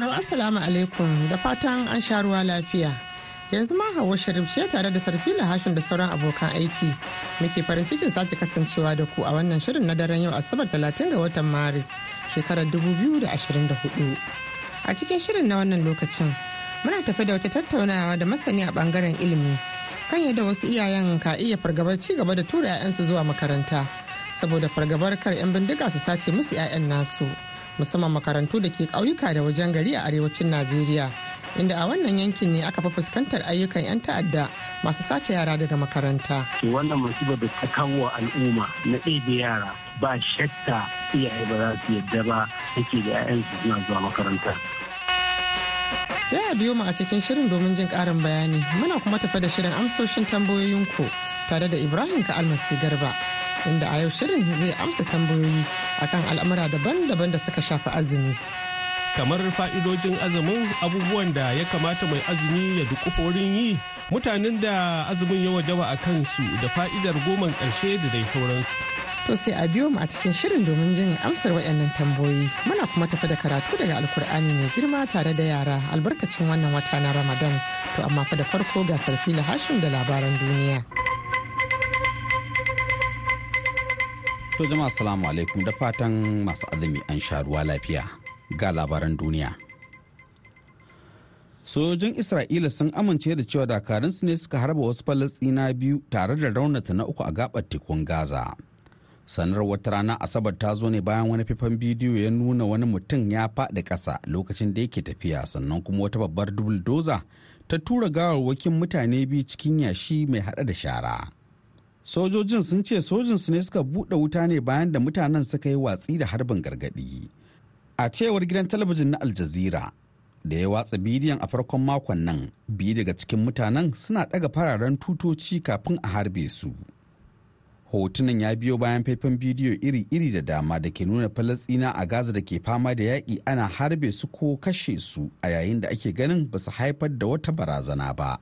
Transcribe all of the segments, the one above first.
sauraro Assalamu alaikum da fatan an sha ruwa lafiya. Yanzu ma Hauwa Sharif ce tare da Sarfila hashin da sauran abokan aiki. Muke farin cikin sake kasancewa da ku a wannan shirin na daren yau Asabar 30 ga watan Maris shekarar 2024. A cikin shirin na wannan lokacin muna tafi da wata tattaunawa da masani a bangaren ilimi kan yadda wasu iyayen ka iya fargabar ci gaba da tura 'ya'yansu zuwa makaranta. saboda fargabar kar 'yan bindiga su sace musu 'ya'yan nasu musamman makarantu da ke ƙauyuka da wajen gari a arewacin najeriya inda a wannan yankin ne aka fi fuskantar ayyukan 'yan ta'adda masu sace yara daga makaranta. wannan musiba da ta kawo al'umma na ɗebe yara ba shakka iyaye ba za su yadda ba yake da 'ya'yansu suna zuwa makaranta. sai a biyo mu a cikin shirin domin jin ƙarin bayani muna kuma tafi da shirin amsoshin tambayoyinku tare da ibrahim ka almasi garba inda a yau shirin zai amsa tambayoyi akan al'amura daban-daban da suka shafi azumi. Kamar fa'idojin azumin abubuwan da ya kamata mai azumi ya dukufa wurin yi mutanen da azumin ya wajaba a kansu da fa'idar goman ƙarshe da dai sauransu. To sai a biyo mu a cikin shirin domin jin amsar waɗannan tambayoyi. Muna kuma tafi da karatu daga Alkur'ani mai girma tare da yara albarkacin wannan wata na Ramadan. To amma fa da farko ga Sarfila Hashim da labaran duniya. To jama'a salamu alaikum da fatan masu azumi an sha ruwa lafiya ga labaran duniya. Sojojin Isra'ila sun amince da cewa dakarunsu ne suka harba wasu Falasɗina biyu tare da raunata na uku a gabar tekun Gaza. Sanar wata rana Asabar ta zo ne bayan wani faifan bidiyo ya nuna wani mutum ya faɗi ƙasa lokacin da yake tafiya sannan kuma wata babbar dubuldoza ta tura gawarwakin mutane biyu cikin yashi mai haɗa da shara. sojojin sun ce sojin su ne suka buɗe wuta ne bayan da mutanen suka yi watsi da harbin gargaɗi a cewar gidan talabijin na aljazira da ya watsa bidiyon a farkon makon nan biyu daga cikin mutanen suna ɗaga fararen tutoci kafin a harbe su hotunan ya biyo bayan faifan bidiyo iri-iri da dama da ke nuna falastina a gaza da ke fama da yaƙi ana harbe su ko kashe su a yayin da ake ganin ba su haifar da wata barazana ba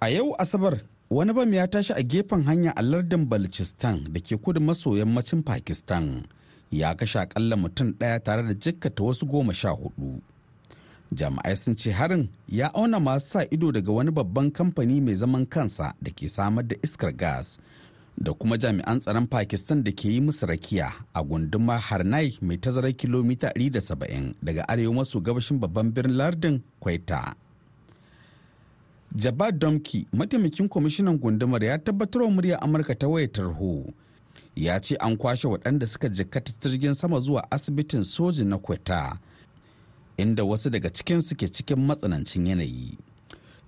a yau asabar wani bam ya tashi a gefen hanya a lardin balochistan da ke kudu maso yammacin pakistan ya kashe akalla mutum daya tare da jikkata wasu goma sha hudu jami'ai sun ce harin ya auna masu sa ido daga wani babban kamfani mai zaman kansa da ke samar da iskar gas da kuma jami'an tsaron pakistan da ke yi musu rakiya a gundumar harnai mai tazarar kilomita 170 daga arewa maso gabashin babban birnin lardin kwaita Jabad domki mataimakin kwamishinan gundumar ya tabbatar wa murya amurka ta wayar tarho ya ce an kwashe waɗanda suka jikkata jirgin sama zuwa asibitin soji na kweta inda wasu daga cikin suke cikin matsanancin yanayi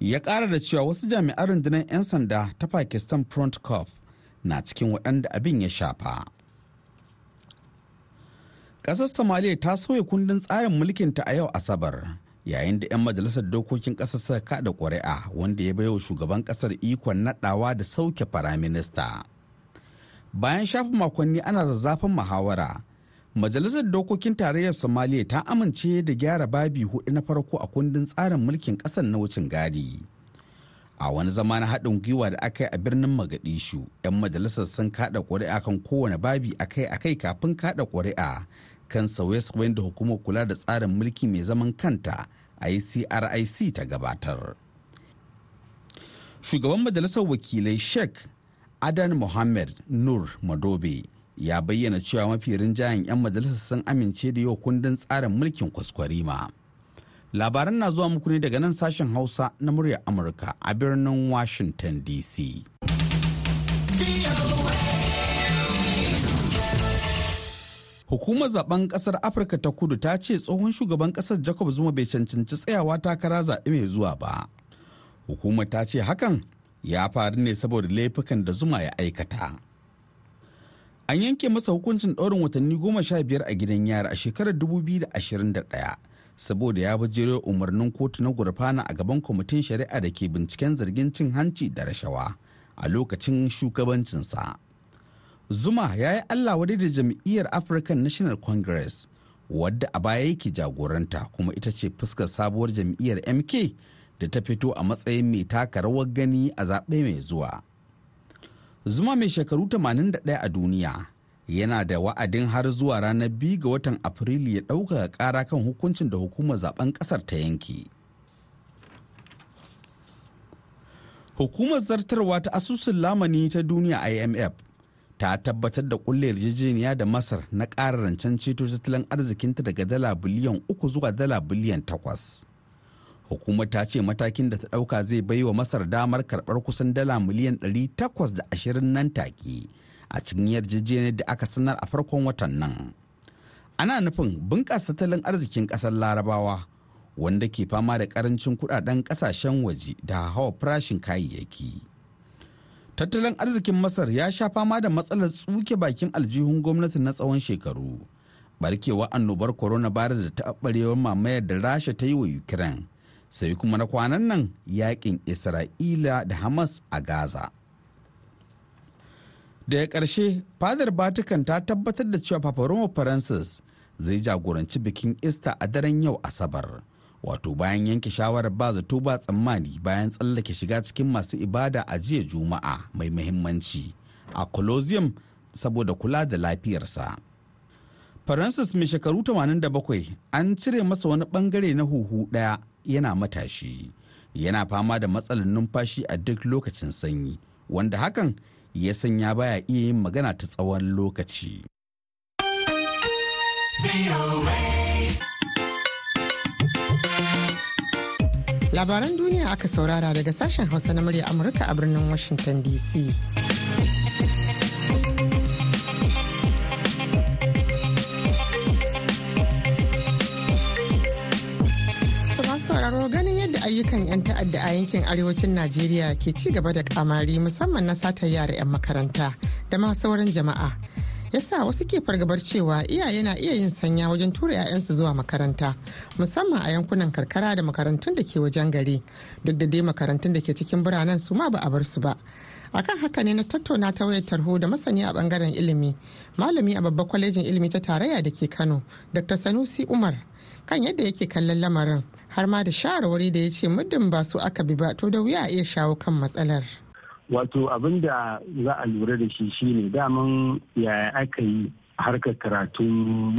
ya ƙara da cewa wasu jami'an rundunar 'yan sanda ta pakistan front corps na cikin waɗanda abin ya shafa ƙasar somaliya ta sauya kundin tsarin mulkinta a yau asabar yayin da 'yan majalisar dokokin ƙasar suka kada ƙuri'a wanda ya baiwa shugaban ƙasar ikon naɗawa da sauke faraminista Bayan shafin makonni ana zazzafin muhawara, majalisar dokokin tarayyar Somaliya ta amince da gyara babi hudu na farko a kundin tsarin mulkin ƙasar na wucin gadi. A wani zama na haɗin gwiwa da aka yi a birnin Magadishu, 'yan majalisar sun kada ƙuri'a kan kowane babi akai-akai kafin kada ƙuri'a kan sauye-sauyen da hukumar kula da tsarin mulki mai zaman kanta ICRIC ta gabatar. Shugaban Majalisar Wakilai Sheikh Adan Mohammed Nur Madobe ya bayyana cewa mafi rinjayen 'yan majalisar sun amince da yau kundin tsarin mulkin kwaskwarima. Labaran na zuwa muku ne daga nan sashen Hausa na muryar Amurka a birnin Washington DC. hukumar zaben kasar afirka ta kudu ta ce tsohon shugaban kasar jacob zuma bai cancanci tsayawa takara zaɓe mai zuwa ba hukumar ta ce hakan ya faru ne saboda laifukan da zuma ya aikata an yanke masa hukuncin ɗaurin watanni goma sha biyar a gidan yara a shekarar 2021 saboda ya bajere umarnin kotu na gurfana a gaban kwamitin shari'a da ke binciken zargin cin hanci da rashawa a lokacin shugabancinsa Zuma ya yi Allah wadai da jam'iyyar African National Congress wadda a baya yake jagoranta kuma ita ce fuskar sabuwar jam'iyyar MK da ta fito a matsayin mai taka rawar gani a zaɓe mai zuwa. Zuma mai shekaru 81 a duniya yana da wa'adin har zuwa ranar biyu ga watan Afrilu ya ɗaukaka ƙara kan hukuncin da hukumar zaben ƙasar ta yanke. Hukumar zartarwa ta asusun lamani ta duniya IMF ta tabbatar da kulle yarjejeniya da masar na ƙara rancen ceto tattalin arzikinta daga dala biliyan uku zuwa dala biliyan takwas hukumar ta ce matakin da ta ɗauka zai bai wa masar damar karɓar kusan dala miliyan ɗari takwas da ashirin nan take a cikin yarjejeniyar da aka sanar a farkon watan nan ana nufin bunƙasa tattalin arzikin ƙasar larabawa wanda ke fama da ƙarancin kuɗaɗen ƙasashen waje da hawa farashin kayayyaki tattalin arzikin masar ya sha fama da matsalar tsuke bakin aljihun gwamnati na tsawon shekaru Barkewa annobar Corona coronavirus da taɓarewar mamayar da rasha ta yi wa ukraine sai kuma na kwanan nan yakin isra'ila da hamas a gaza daga ƙarshe fadar batikan ta tabbatar da cewa papa francis zai jagoranci bikin easter a daren yau asabar wato bayan yanke shawarar ba zato ba tsammani bayan tsallake shiga cikin masu ibada a jiya juma'a mai muhimmanci a colosseum saboda kula da lafiyarsa francis mai shekaru 87 an cire masa wani bangare na huhu daya yana matashi yana fama da matsalar numfashi a duk lokacin sanyi wanda hakan ya sanya baya iya yin magana ta tsawon lokaci. labaran duniya aka saurara daga sashen hausa na murya amurka a birnin washington dc sauraro ganin yadda ayyukan 'yan ta'adda a yankin arewacin najeriya ke ci gaba da kamari musamman na satar yara 'yan makaranta da ma sauran jama'a yasa wasu ke fargabar cewa iyaye na iya yin sanya wajen tura 'ya'yansu zuwa makaranta musamman a yankunan karkara da makarantun da ke wajen gari duk da dai makarantun da ke cikin biranen su ma ba a bar su ba akan haka ne na tattauna ta wayar tarho da masani a bangaren ilimi malami a babbar kwalejin ilimi ta tarayya da ke kano dr sanusi umar kan yadda yake kallon lamarin har ma da shawarwari da ya ce muddin ba su aka bi ba to da wuya a iya shawo kan matsalar wato abin da za a lura da shi shine daman yaya aka yi harkar karatun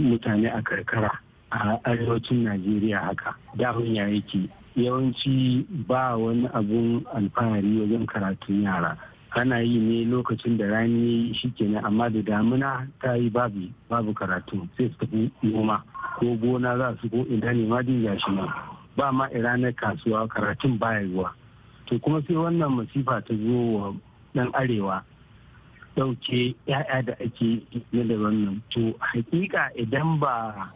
mutane a karkara a arewacin najeriya haka daman ya yake yawanci ba wani abun alfahari wajen karatun yara ana yi ne lokacin da rani shi kenan amma da damuna ta yi babu babu karatu sai su tafi noma ko gona za su ko ina ne ma din gashi ba ma ranar kasuwa karatun baya zuwa to kuma sai wannan masifa ta zo wa dan arewa dauke ya'ya da ake na daban nan to hakika idan ba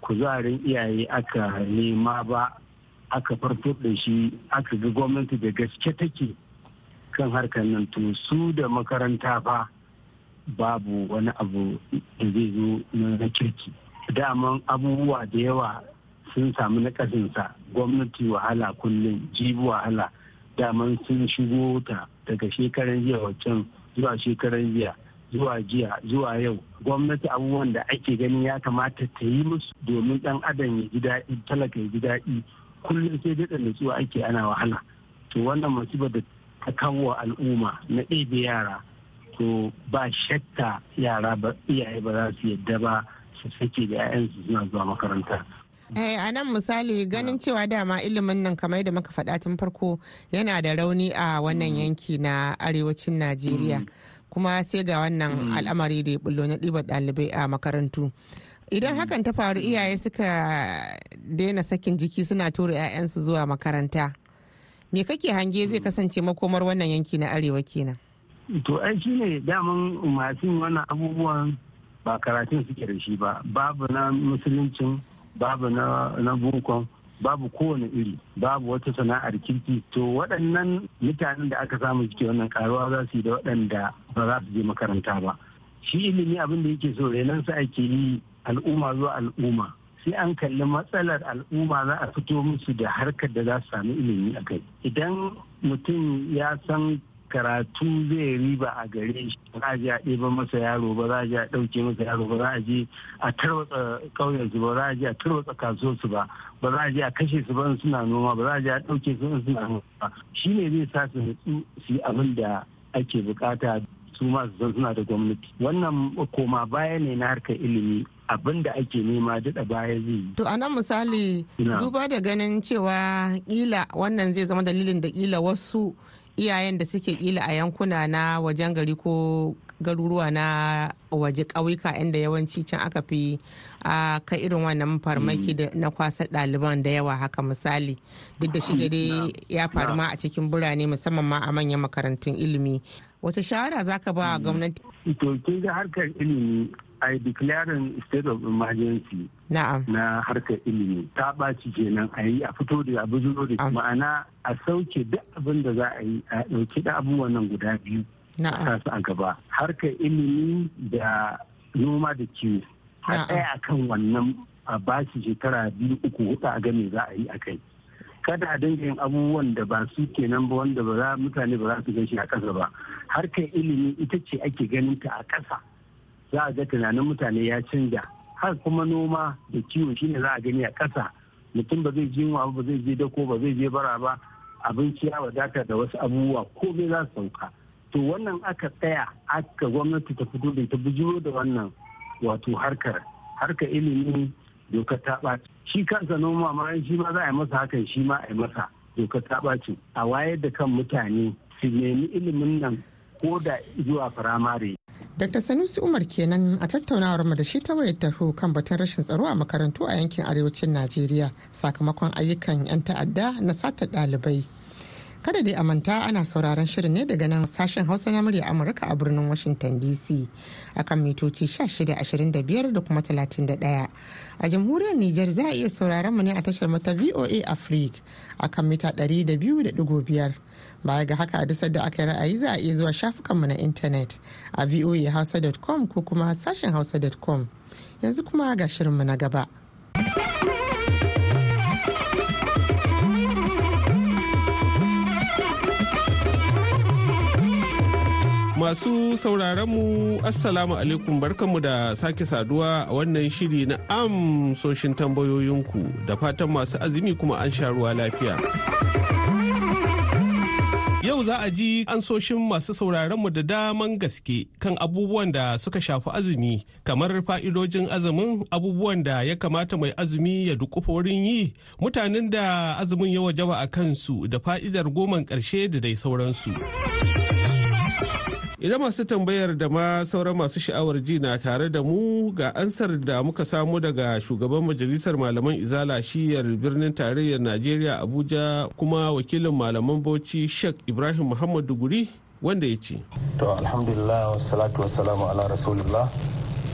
kuzarin iyaye aka nema ba aka farfo da shi aka ga gwamnati da gaske take kan harkar nan to su da makaranta ba babu wani abu da zai zo na kirki daman abubuwa da yawa sun samu nakasinsa gwamnati wahala kullum jibi wahala daman sun shigo ta daga shekaran jiya waccan zuwa shekaran jiya zuwa jiya zuwa yau gwamnati abubuwan da ake ganin ya kamata ta yi musu domin dan adam ya ji daɗi talaka ya ji daɗi kullum sai daɗa nutsuwa ake ana wahala to wannan ba da ta kawo al'umma na ɗebe yara to ba shakka yara ba iyaye ba za su yadda ba su sake da 'ya'yansu suna zuwa makaranta Eh, a nan misali ganin cewa dama ilimin nan kamar da muka faɗa tun farko yana da rauni a wannan mm. yanki na arewacin Najeriya mm. kuma sai ga wannan mm. al'amari da ya bullo na ɗiba ɗalibai a makarantu. Idan hakan ta faru iyaye suka daina sakin jiki suna tura 'ya'yansu zuwa makaranta. Me kake hange zai kasance makomar wannan yanki na arewa kenan? To ai shi ne daman masu wannan abubuwan ba karatun suke da shi ba babu na musuluncin babu na bukon babu kowane iri babu wata sana'ar kirki to waɗannan mutanen da aka samu suke wannan karuwa za su yi da waɗanda ba za su je makaranta ba shi ilimi abin da yake so renansa ake yi al'umma zuwa al'umma sai an kalli matsalar al'umma za a fito musu da harkar da za su sami ilimi a kai idan mutum ya san karatu zai riba a gare shi ba a je a ɗeba masa yaro ba za a je a ɗauke masa yaro ba za a je a tarwatsa ƙauyen su ba za a je a tarwatsa kasuwar su ba ba za a je a kashe su ba in suna noma ba za a je a ɗauke su in suna noma ba shi ne zai sa su nutsu su yi abin da ake bukata su masu zan suna da gwamnati wannan koma baya ne na harkar ilimi abin da ake nema daɗa baya zai yi. To a nan misali duba da ganin cewa ƙila wannan zai zama dalilin da ƙila wasu iyayen da suke kila a yankuna na wajen gari ko garuruwa na waje ƙauyuka inda yawanci can aka fi a ka irin wannan farmaki mm. na kwasa ɗaliban da yawa haka misali duk da shige dai ya faru ma a cikin birane musamman ma a manyan makarantun ilimi wata shawara zaka ka ba mm. gwamnati to kin ga harkar ilimi ai declaring state of emergency na harkar ilimi ta ɓaci kenan a yi a fito da abu zuro da ma'ana a sauke duk abin da za a yi a ɗauki da abubuwan nan guda biyu sa su a gaba harkar ilimi da noma da kiwo a ɗaya a kan wannan a bashi shekara biyu uku hudu a game za a yi a kai kada a dinga yin abubuwan da ba su kenan ba wanda ba mutane ba za su gan shi a ƙasa ba harkar ilimi ita ce ake ganin ta a ƙasa za a ga tunanin mutane ya canja har kuma noma da kiwo shine za a gani a ƙasa mutum ba zai jinwa ba zai je dako ba zai je bara ba abinci ya wadata da wasu abubuwa ko komai za su sauka to wannan aka tsaya aka gwamnati ta fito da ta bujiro da wannan wato harkar harkar ilimi dokar ta ɓaci shi kansa noma ma shi ma za a yi masa hakan shi ma a yi masa dokar ta ɓaci a wayar da kan mutane su nemi ilimin nan ko da zuwa firamare Dr. Sanusi Umar kenan a tattaunawar mu da shi ta wayar tarho kan batun rashin tsaro a makarantu a yankin arewacin Najeriya sakamakon ayyukan 'yan ta'adda na sata ɗalibai. kada dai a manta ana sauraron shirin ne daga nan sashen hausa na murya amurka a birnin washington dc akan mitoci 1625 da kuma 31 a jamhuriyar Nijar za a iya sauraron mu ne a tashar mata voa africa akan mita 200.5 baya ga haka a dusar da aka yi ra'ayi za a iya zuwa shafukanmu na intanet a voahausa.com ko kuma sashen hausa.com yanzu kuma ga shirin mu na gaba. Masu sauraronmu Assalamu alaikum barkanmu da sake saduwa a wannan shiri na amsoshin tambayoyinku da fatan masu azumi kuma an sha ruwa lafiya. Yau za a ji ansoshin masu sauraronmu da daman gaske kan abubuwan da suka shafi azumi kamar fa'idojin azumin abubuwan da ya kamata mai azumi ya dukufa wurin yi mutanen da azumin ya wajaba a kansu da fa'idar goman ƙarshe da dai sauransu. Idan masu tambayar da ma sauran masu sha'awar ji na tare da mu ga ansar da muka samu daga shugaban majalisar malaman izala shiyar birnin tarayyar Najeriya Abuja kuma wakilin malaman Bauchi Sheikh Ibrahim Muhammad guri wanda ya ce. To alhamdulillah wassalatu wassalamu ala rasulillah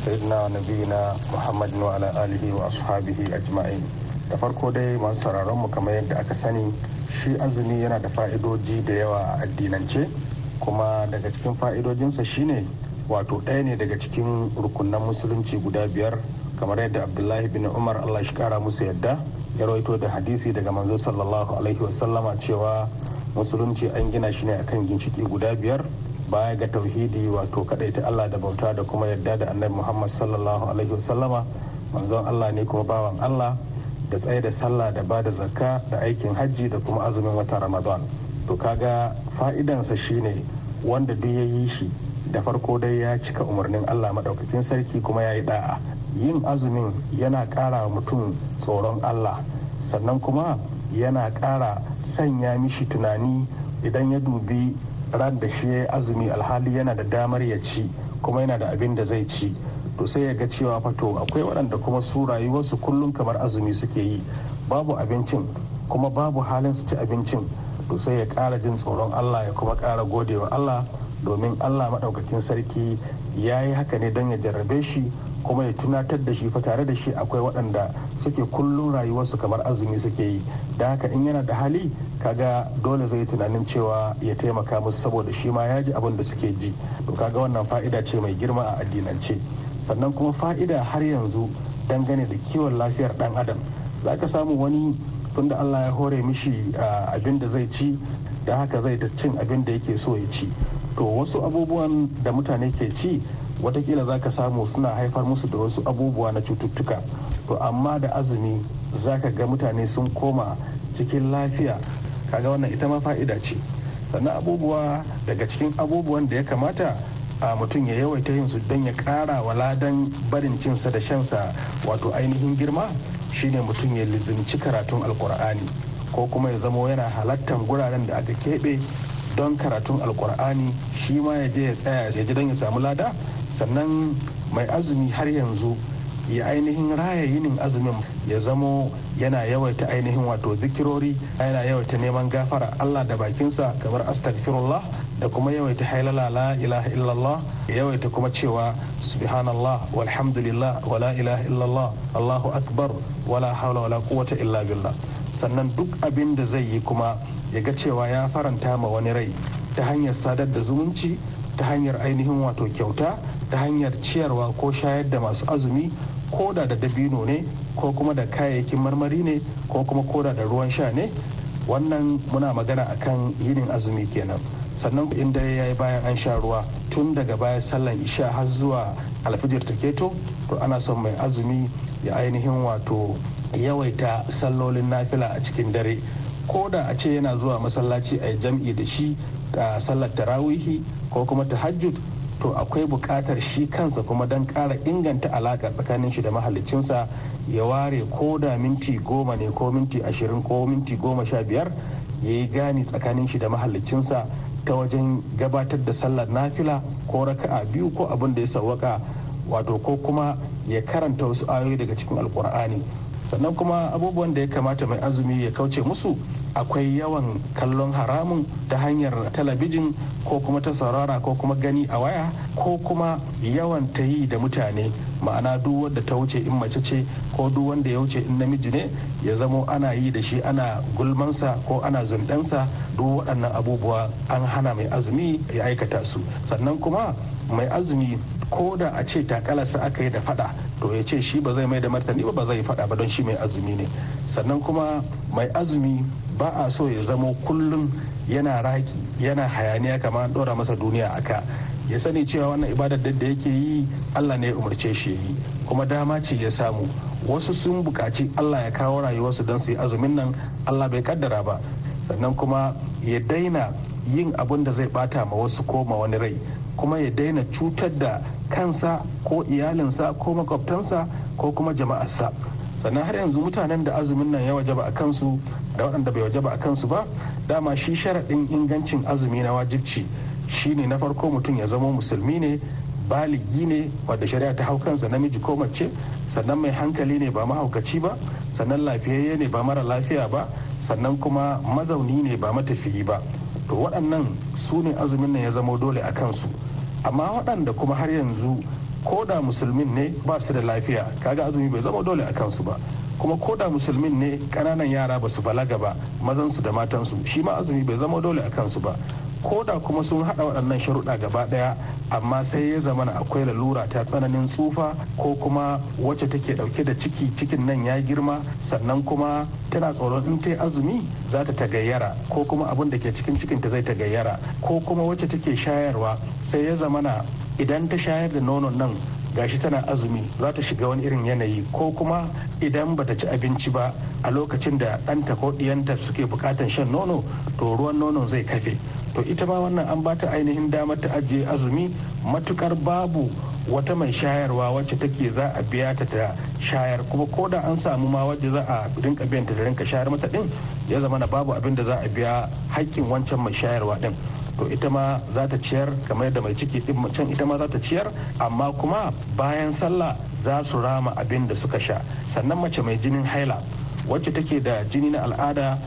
sayyidina nabiyina Muhammadin wa ala alihi wa ashabihi ajma'in. Da farko dai masu sauraron mu kamar yadda aka sani shi azumi yana da fa'idoji da yawa a addinance. kuma daga cikin fa'idojinsa shine wato ɗaya ne daga cikin rukunan musulunci guda biyar kamar yadda abdullahi bin umar allah shi kara musu yadda ya rawaito da hadisi daga manzo sallallahu alaihi wasallama cewa musulunci an gina shi ne akan ginshiki guda biyar baya ga tauhidi wato ta allah da bauta da kuma yadda da annabi muhammad sallallahu alaihi wasallama manzon allah ne kuma bawan allah da tsaye da sallah da ba da zakka da aikin hajji da kuma azumin wata ramadan to kaga fa'idansa shine wanda duk ya yi shi da farko dai ya cika umarnin allah maɗaukakin sarki kuma ya yi da'a yin azumin yana ƙara mutum tsoron allah sannan kuma yana ƙara sanya mishi tunani idan ya dubi ran da shi ya azumi alhali yana da damar ya ci kuma yana da abin da zai ci to sai ya ga cewa fato akwai waɗanda kuma su rayuwarsu kullum kamar azumi suke yi babu abincin kuma babu halin su ci abincin to sai ya ƙara jin tsoron Allah ya kuma ƙara godewa Allah domin Allah maɗaukakin sarki ya yi haka ne don ya jarrabe shi kuma ya tunatar da shi fa tare da shi akwai waɗanda suke kullum rayuwarsu kamar azumi suke yi da haka in yana da hali kaga dole zai tunanin cewa ya taimaka musu saboda shi ma ya ji abin da suke ji to kaga wannan fa'ida ce mai girma a addinance sannan kuma fa'ida har yanzu dangane da kiwon lafiyar ɗan adam za ka samu wani tunda Allah ya hore mishi abin da zai ci da haka zai ta cin abin da yake so ya ci to wasu abubuwan da mutane ke ci watakila za ka samu suna haifar musu da wasu abubuwa na cututtuka to amma da azumi za ka ga mutane sun koma cikin lafiya kaga wannan ita ma fa'ida ce sannan abubuwa daga cikin abubuwan da ya kamata a mutum ya yawaita yin su don ya kara wa ladan barin cinsa da shansa wato ainihin girma shine mutum ya lizinci karatun alkur'ani ko kuma ya zamo yana halattar guraren da aka keɓe don karatun alkur'ani shi ma ya je ya tsaya ya ji don ya samu lada sannan mai azumi har yanzu ya ainihin raya yinin azumin ya zamo yana yawaita ainihin wato zikirori yana yawaita neman gafara Allah da bakinsa kamar astagfirullah da kuma yawaita hailala la ilaha illallah yawaita kuma cewa subhanallah walhamdulillah wala ilaha illallah allahu akbar wala hawla wala quwwata illa billah sannan duk abin da zai yi kuma ya ga cewa ya faranta ma wani rai ta hanyar sadar da zumunci ta hanyar ainihin wato kyauta ta hanyar ciyarwa ko shayar da masu azumi ko da da dabino ne ko kuma da kayayyakin marmari ne ko kuma koda da ruwan sha ne wannan muna magana akan yinin azumi kenan sannan in dare ya yi bayan an sha ruwa tun daga baya sallan isha har zuwa alfijir ta keto to ana son mai azumi ya ainihin wato yawaita sallolin nafila a cikin dare ko da a ce yana zuwa masallaci a jam'i da shi a sallar tarawihi ko kuma tahajjud to akwai bukatar shi kansa kuma don kara inganta alaƙa tsakanin shi da mahallicinsa ya ware ko da minti goma ne ko minti ashirin ko minti goma sha biyar ya yi gani tsakanin shi da mahallicinsa ta wajen gabatar da sallar nafila ko raka'a biyu ko abin da ya sawwaka wato ko kuma ya karanta wasu ayoyi daga cikin alkur'ani sannan kuma abubuwan da ya kamata mai azumi ya kauce musu akwai yawan kallon haramun ta hanyar talabijin ko kuma ta saurara ko kuma gani a waya ko kuma yawan ta yi da mutane ma'ana duk wanda ta wuce in mace ce ko duk wanda ya wuce in namiji ne ya zamo ana yi da shi ana gulmansa ko ana zundansa duk waɗannan abubuwa an hana mai azumi ya aikata su sannan kuma mai azumi ko da a ce takalarsa aka yi da fada to ya ce shi ba zai mai da martani ba ba zai fada ba don shi mai azumi ne sannan kuma mai azumi ba a so ya zamo kullum yana raki yana hayaniya kamar dora masa duniya aka ya sani cewa wannan ibadar da yake yi allah ne ya umarce shi yi kuma dama ce ya samu wasu sun buƙaci allah ya kawo rayuwarsu don su yi azumin nan allah bai kaddara ba sannan kuma ya daina yin abin da zai bata ma wasu ko ma wani rai kuma ya daina cutar da kansa ko iyalinsa ko makwabtansa ko kuma jama'arsa sannan har yanzu mutanen da azumin nan ya wajaba a kansu da waɗanda bai wajaba a kansu ba dama shi sharaɗin ingancin azumi na wajibci shine na farko mutum ya zama musulmi ne baligi ne wadda shari'a ta hau kansa namiji ko mace sannan mai hankali ne ba mahaukaci ba sannan lafiyayye ne ba mara lafiya ba sannan kuma mazauni ne ba matafiyi ba to waɗannan su ne azumin nan ya zamo dole a kansu amma waɗanda kuma har yanzu ko da musulmin ne ba su da lafiya kaga azumi bai zama dole a kansu ba kuma koda musulmin ne kananan yara ba su balaga ba mazansu da matansu shi ma azumi bai zama dole a kansu ba koda kuma sun hada waɗannan sharuɗa gaba ɗaya amma sai ya zama akwai lalura ta tsananin tsufa ko kuma wacce take ɗauke da ciki cikin nan ya girma sannan kuma tana tsoron in ta azumi za ta tagayyara ko kuma abin da ke cikin cikin ta zai tagayyara ko kuma wacce take shayarwa sai ya zama idan ta shayar da nonon nan gashi tana azumi za ta shiga wani irin yanayi ko kuma idan ba. ta ci abinci ba a lokacin da ɗanta ko ɗiyanta suke buƙatan shan nono to ruwan nonon zai kafe to ita ma wannan an bata ainihin damar ta ajiye azumi matukar babu wata mai shayarwa wacce take za a biya ta ta shayar kuma ko da an samu ma wacce za a rinka biyan ta rinka shayar mata din ya zama na babu abin da za a biya haƙƙin wancan mai shayarwa ɗin to ita ma za ta ciyar kamar da mai ciki ɗin can ita ma za ta ciyar amma kuma bayan sallah za su rama abin da suka sha sannan mace mai jinin haila wacce take da jini na al'ada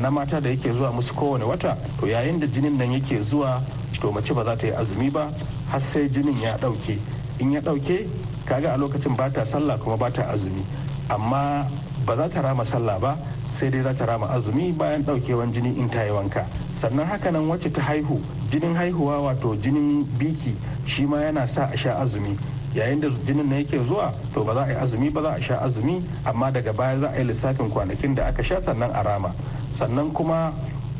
na mata da yake zuwa musu kowane wata to yayin da jinin nan yake zuwa to mace ba za ta yi azumi ba har sai jinin ya ɗauke in ya ɗauke kaga a lokacin ba ta sallah kuma ba ta azumi amma ba za ta rama sallah ba sai dai za ta rama azumi bayan ɗaukewan jini in ta yi wanka sannan hakanan wacce ta haihu jinin haihuwa wato jinin biki shi ma yana sa a sha azumi yayin da jinin na yake zuwa to ba za a yi azumi ba za a sha azumi amma daga baya za a yi lissafin kwanakin da aka sha sannan a rama sannan kuma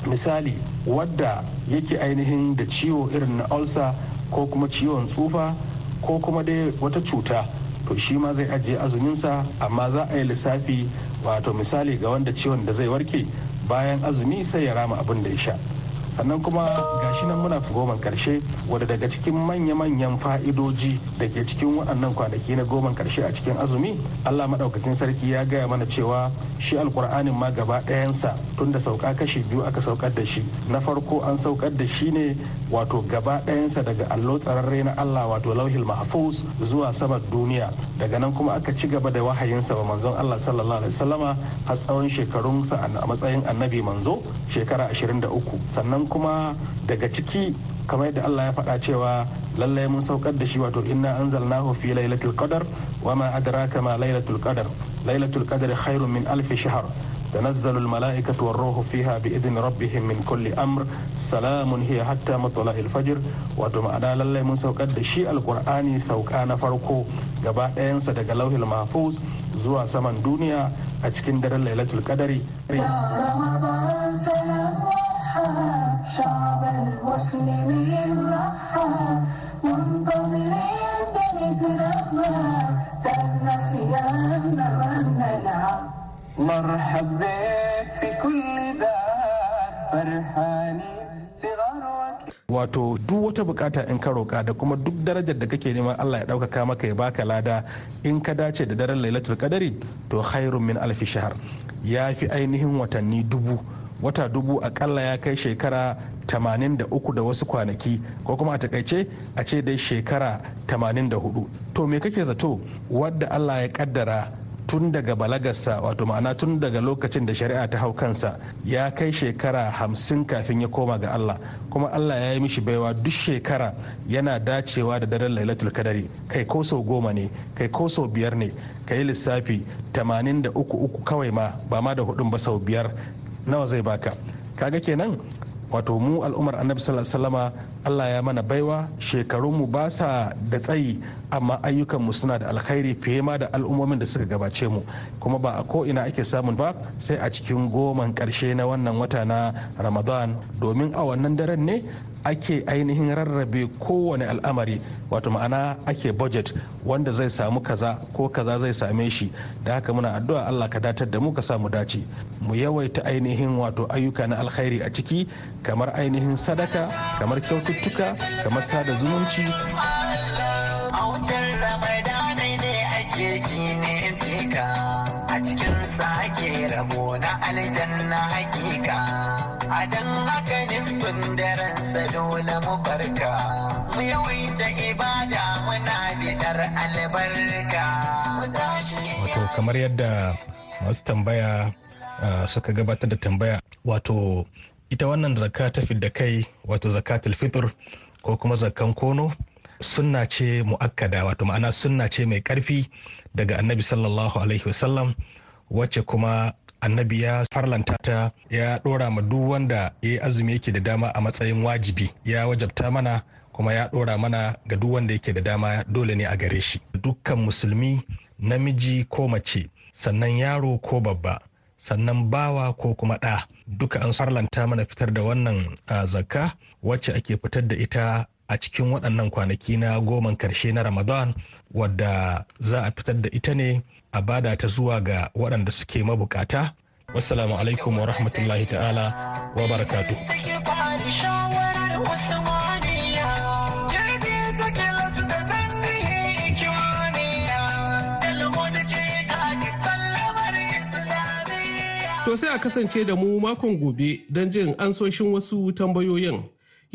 misali wadda yake ainihin da ciwo irin na ulcer ko kuma ciwon tsufa ko kuma dai wata cuta to shi ma zai ajiye azuminsa amma za a yi lissafi wato misali ga wanda ciwon da zai warke bayan azumi sai ya rama abin da ya sha sannan kuma gashi nan muna goma karshe wadda daga cikin manya-manyan fa'idoji da ke cikin waɗannan kwanaki na goma karshe a cikin azumi allah maɗaukakin sarki ya gaya mana cewa shi alkur'anin ma gaba ɗayansa tun da sauka kashi biyu aka saukar da shi na farko an saukar da shi ne wato gaba ɗayansa daga allo tsararre na allah wato lauhil mahfuz zuwa saman duniya daga nan kuma aka ci gaba da wahayinsa wa manzon allah sallallahu alaihi wasallama har tsawon shekarunsa a matsayin annabi manzo shekara 23 sannan kuma daga ciki kamar yadda Allah ya faɗa cewa lallai mun saukar da shi wato inna anzalnahu fi lailatul qadar wa ma adraka ma lailatul qadar lailatul qadar khairun min alf shahr تنزل الملائكة والروح فيها بإذن ربهم من كل أمر سلام هي حتى مطلع الفجر وتم أنا لله من سوكت alkur'ani القرآن سوكان فرقو gaba ɗayansa daga lauhil mahfuz zuwa saman duniya a cikin daren lailatul qadari. شعب المسلمين رحى wato duk wata bukata in ka roƙa da kuma duk darajar da kake neman Allah ya ɗaukaka maka ya baka lada in ka dace da daren lailatul kadari to khairun min alfi shahar ya fi ainihin watanni dubu wata dubu akalla ya kai shekara 83 da wasu kwanaki ko kuma a takaice a ce dai shekara 84 to me kake zato wadda allah ya kaddara tun daga balagarsa wato ma'ana tun daga lokacin da shari'a ta hau kansa ya kai shekara hamsin kafin ya koma ga Allah kuma Allah ya yi mishi baiwa duk shekara yana dacewa da daren lailatul kadari kai ko sau goma ne kai ko sau biyar ne ka lissafi 83 uku kawai ma ba ma da hudun ba sau biyar nawa zai baka kaga kenan wato mu al'ummar annabi sallallahu alaihi Allah ya mana baiwa shekarun mu ba sa da tsayi amma ayyukan mu suna da alkhairi fiye ma da al'ummomin da suka gabace mu kuma ba a ko ina ake samun ba sai a cikin goman karshe na wannan wata na Ramadan domin a wannan daren ne ake ainihin rarrabe kowane al'amari wato ma'ana ake budget wanda zai samu kaza ko kaza zai same shi da haka muna addu'a Allah ka datar da mu ka samu dace mu yawaita ainihin wato ayyuka na alkhairi a ciki kamar ainihin sadaka kamar kyaututtuka kamar sada zumunci a cikin sake rabo na aljanna haƙi Adan dan haka nisbin daren dole mu farka mu yawaita ibada muna bidar albarka wato kamar yadda masu tambaya suka gabatar da tambaya wato ita wannan zakka ta fidda kai wato zakatul fitr ko kuma zakkan kono sunna ce mu'akkada wato ma'ana sunna ce mai karfi daga annabi sallallahu alaihi wasallam wacce kuma annabi ya farlanta ta ya ɗora ma duk wanda ya yi azumi yake da dama a matsayin wajibi ya wajabta mana kuma ya dora mana ga duk wanda yake da dama dole ne a gare shi dukkan musulmi namiji ko mace sannan yaro ko babba sannan bawa ko kuma ɗa duka an farlanta mana fitar da wannan ah, zakka wacce ake fitar da ita a cikin waɗannan kwanaki na goman karshe na ramadan wadda za a fitar da ita ne a bada ta zuwa ga waɗanda suke mabukata wassalamu alaikum wa rahmatullahi ta'ala wa barakatu To sai a kasance da mu makon gobe don jin ansoshin wasu tambayoyin.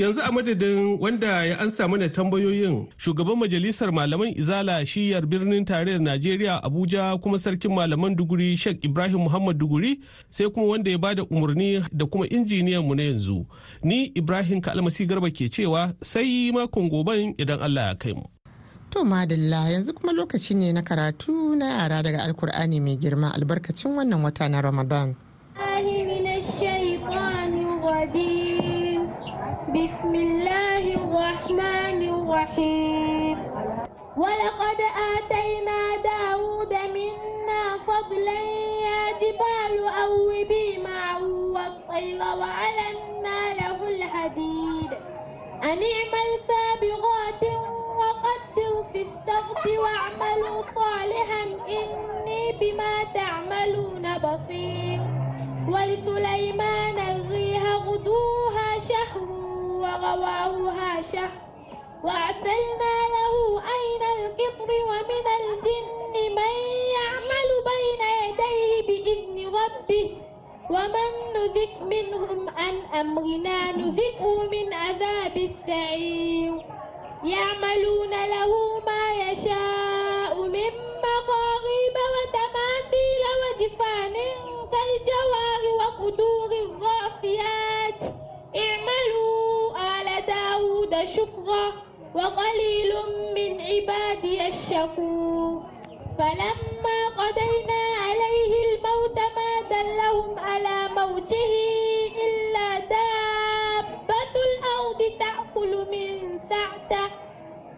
yanzu a madadin wanda ya ansa mana tambayoyin shugaban majalisar malaman izala shiyar birnin tarayyar najeriya abuja kuma sarkin malaman duguri sheikh ibrahim muhammad duguri sai kuma wanda ya bada umarni da kuma injiniyan mu na yanzu ni ibrahim kalmasi garba ke cewa sai makon goban idan allah ya kai mu to madalla yanzu kuma lokaci ne na karatu na yara daga alkur'ani mai girma albarkacin wannan wata na ramadan بسم الله الرحمن الرحيم ولقد آتينا داود منا فضلا يا جبال أوبي معه والطير وعلنا له الحديد أن اعمل سابغات وقدر في السبت واعملوا صالحا إني بما تعملون بصير ولسليمان الريح وأرسلنا له أين القطر ومن الجن من يعمل بين يديه بإذن ربه ومن نذك منهم عن أمرنا نذكه من عذاب السعير يعملون له ما يشاء من مخاريب وتماثيل وجفان كالجوار وقدور الرافيات اعملوا آل داود شكرا وقليل من عبادي الشكور فلما قضينا عليه الموت ما دلهم على موته إلا دابة الأرض تأكل من سعته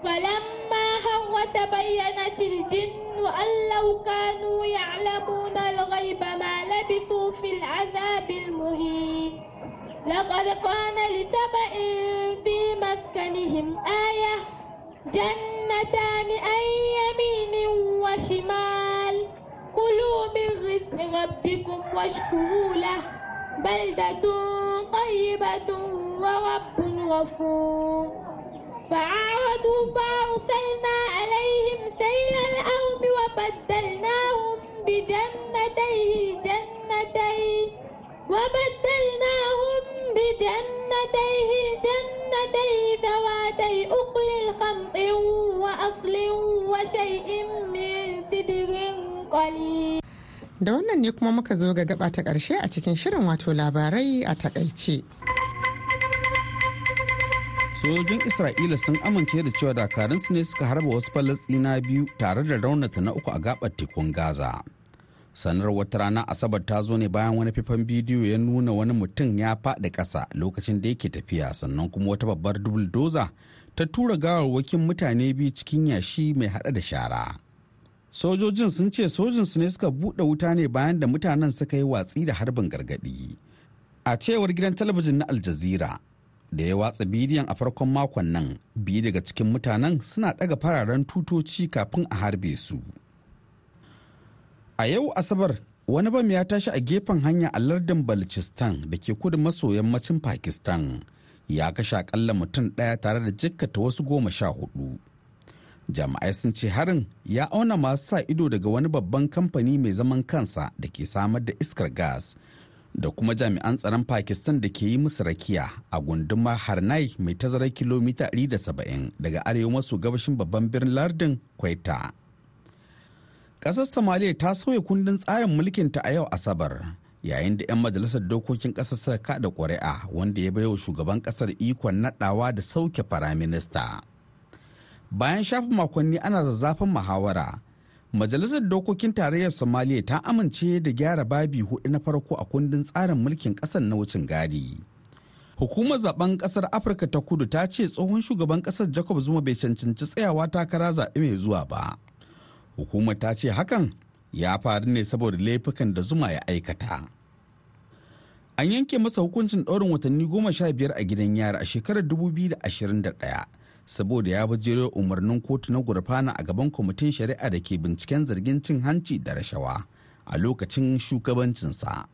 فلما هو تبينت الجن أن لو كانوا يعلمون الغيب ما لبثوا في العذاب المهين لقد كان لسبئ مسكنهم آية جنتان أي يمين وشمال كلوا من رزق ربكم واشكروا له بلدة طيبة ورب غفور فأعرضوا فأرسلنا عليهم سيل الأرض وبدلناهم بجنتيه جنتين وبدلناهم بجنتيه جنتي ذواتي أكل خمط وأصل وشيء من سدر قليل Da wannan ne kuma muka zo ga gaba ta ƙarshe a cikin shirin wato labarai a takaice. Sojojin Isra'ila sun amince da cewa dakarunsu ne suka harba wasu Falasɗina biyu tare da raunata na uku a gabar tekun Gaza. sanar wata rana asabar ta zo ne bayan wani fifan bidiyo ya nuna wani mutum ya faɗi ƙasa lokacin da yake tafiya sannan kuma wata babbar dubuldoza ta tura gawarwakin mutane biyu cikin yashi mai haɗa da shara sojojin sun ce sojinsu ne suka buɗe wuta ne bayan da mutanen suka yi watsi da harbin gargaɗi a cewar gidan talabijin na aljazira da ya watsa bidiyon a farkon makon nan biyu daga cikin mutanen suna ɗaga fararen tutoci kafin a harbe su a yau asabar wani bam ya tashi a gefen hanya a lardin balchistan da ke kudu maso yammacin pakistan ya kashe akalla mutum ɗaya tare da jikkata wasu goma sha hudu jama'ai sun ce harin ya auna masu sa ido daga wani babban kamfani mai zaman kansa da ke samar da iskar gas da kuma jami'an tsaron pakistan da ke yi musu rakiya a gundumar harnai mai tazarar kilomita 170 daga arewa maso gabashin babban birnin lardin kwaita Ƙasar Somalia ta sauya kundin tsarin mulkinta a yau Asabar. Yayin da 'yan majalisar dokokin ƙasar suka kada ƙuri'a wanda ya baiwa shugaban ƙasar ikon naɗawa da sauke firaminista. Bayan shafin makonni ana zazzafin muhawara, Majalisar Dokokin Tarayyar Somalia ta amince da gyara babi hudu na farko a kundin tsarin mulkin ƙasar na wucin gadi. Hukumar zaben ƙasar Afirka ta kudu ta ce tsohon shugaban ƙasar Jacob Zuma bai cancanci tsayawa takara zaɓe mai zuwa ba. hukumar ta ce hakan ya faru ne saboda laifukan da zuma ya aikata an yanke masa hukuncin ɗaurin watanni goma sha biyar a gidan yara a shekarar 2021 saboda ya bajero umarnin kotu na gurfana a gaban kwamitin shari'a da ke binciken zargin cin hanci da rashawa a lokacin shugabancinsa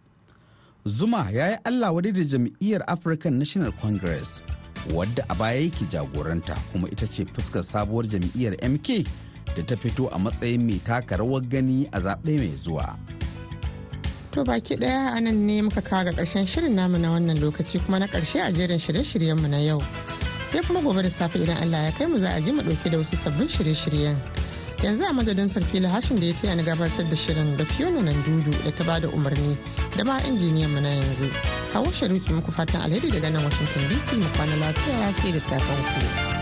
zuma ya yi allah wadai da jam'iyyar african national congress wadda a baya yake jagoranta kuma ita ce fuskar sabuwar jam'iyyar mk da ta fito a matsayin mai taka rawar gani a zaɓe mai zuwa. To baki ɗaya a nan ne muka kawo ga ƙarshen shirin namu na wannan lokaci kuma na ƙarshe a jerin shirye-shiryenmu na yau. Sai kuma gobe da safe idan Allah ya kai mu za a ji mu ɗauke da wasu sabbin shirye-shiryen. yanzu a madadin sarfila hashin da ya taya na gabatar da shirin da fiona nan dudu da ta bada umarni da ma injiniyan mu na yanzu hawa sharuki muku fatan alheri daga nan washington dc mu kwana lafiya sai da safen ku.